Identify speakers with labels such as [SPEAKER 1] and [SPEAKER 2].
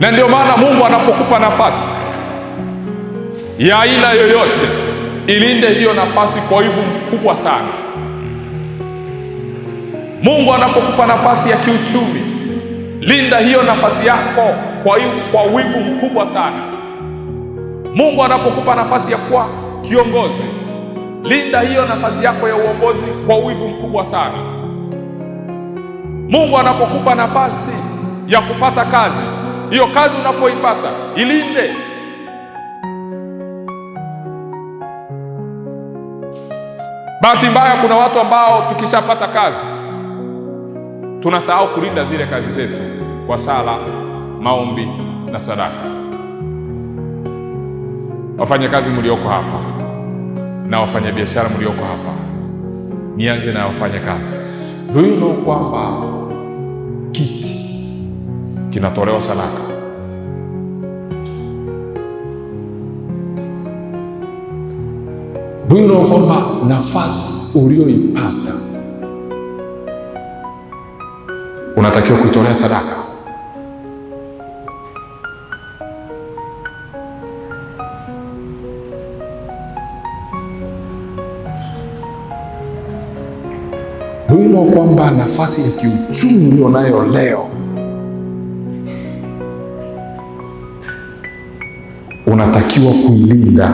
[SPEAKER 1] Na ndio maana Mungu anapokupa nafasi ya aina yoyote, ilinde hiyo nafasi kwa wivu mkubwa sana. Mungu anapokupa nafasi ya kiuchumi, linda hiyo nafasi yako kwa, kwa wivu mkubwa sana. Mungu anapokupa nafasi ya kuwa kiongozi, linda hiyo nafasi yako ya uongozi kwa wivu mkubwa sana. Mungu anapokupa nafasi ya kupata kazi hiyo kazi unapoipata ilinde. Bahati mbaya, kuna watu ambao tukishapata kazi tunasahau kulinda zile kazi zetu kwa sala, maombi na sadaka. Wafanya kazi mlioko hapa na wafanya biashara mlioko hapa, nianze na wafanya kazi. hilo kwamba kiti kinatolewa sadaka. Bwilo kwamba nafasi ulioipata unatakiwa kuitolea sadaka. Bwilo kwamba nafasi ya kiuchumi ulionayo leo unatakiwa kuilinda